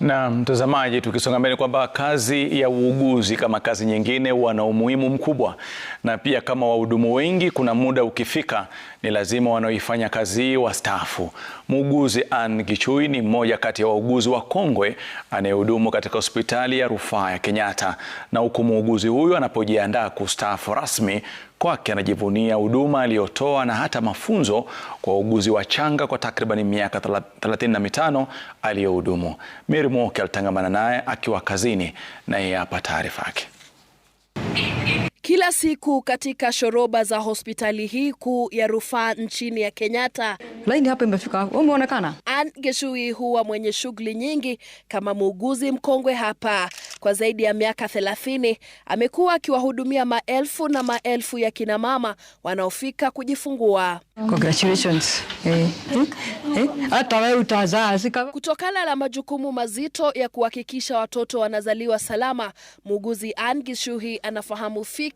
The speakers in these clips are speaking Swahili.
Na mtazamaji, tukisonga mbele kwamba kazi ya uuguzi kama kazi nyingine wana umuhimu mkubwa, na pia kama wahudumu wengi, kuna muda ukifika, ni lazima wanaoifanya kazi hii wastaafu. Muuguzi Anne Gichui ni mmoja kati ya wauguzi wa kongwe anayehudumu katika hospitali ya rufaa ya Kenyatta, na huku muuguzi huyu anapojiandaa kustaafu rasmi kwake anajivunia huduma aliyotoa na hata mafunzo kwa wauguzi wachanga kwa takribani miaka 35 aliyohudumu. Meri Mwoki alitangamana naye akiwa kazini na yeye hapa taarifa yake. Kila siku katika shoroba za hospitali hii kuu ya rufaa nchini ya Kenyatta, laini hapa imefika, umeonekana. Ann Geshui huwa mwenye shughuli nyingi kama muuguzi mkongwe hapa. Kwa zaidi ya miaka thelathini amekuwa akiwahudumia maelfu na maelfu ya kinamama wanaofika kujifungua. Congratulations. Eh, eh, eh, Kutokana na majukumu mazito ya kuhakikisha watoto wanazaliwa salama, muuguzi Ann Geshui anafahamu fika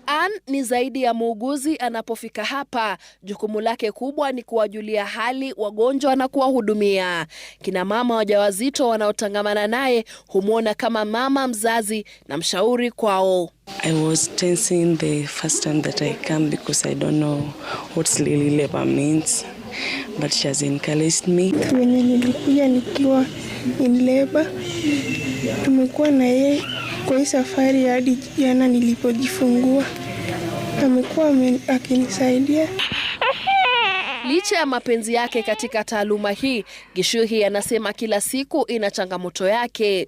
Ann ni zaidi ya muuguzi anapofika hapa. Jukumu lake kubwa ni kuwajulia hali wagonjwa na kuwahudumia. Kina mama wajawazito wanaotangamana naye humwona kama mama mzazi na mshauri kwao. I was tensing the first time that I come because I don't know what really labor means but she has encouraged me. Nilikuja nikiwa in labor, tumekuwa na yeye kwa hii safari hadi jana nilipojifungua, amekuwa akinisaidia. Licha ya mapenzi yake katika taaluma hii, Gishuhi anasema kila siku ina changamoto yake.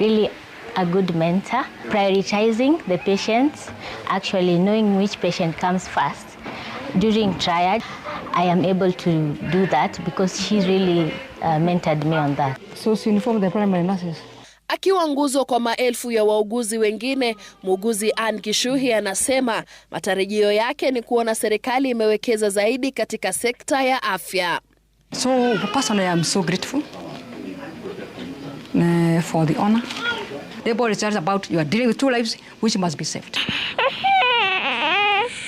really a good mentor, prioritizing the patients, actually knowing which patient comes first. During triage. I am able to do that because she really uh, mentored me on that. So she informed the primary nurses? Akiwa nguzo kwa maelfu ya wauguzi wengine, muuguzi Ann Kishuhi anasema matarajio yake ni kuona serikali imewekeza zaidi katika sekta ya afya. So personally I'm so grateful for the honor. The Bible tells about you are dealing with two lives which must be saved.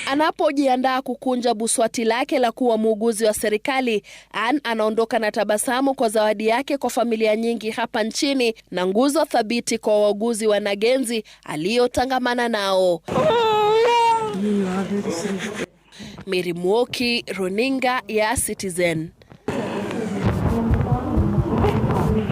Anapojiandaa kukunja buswati lake la kuwa muuguzi wa serikali, Ann anaondoka na tabasamu kwa zawadi yake kwa familia nyingi hapa nchini na nguzo thabiti kwa wauguzi wa nagenzi aliyotangamana nao. miri Mwoki, Runinga ya Citizen.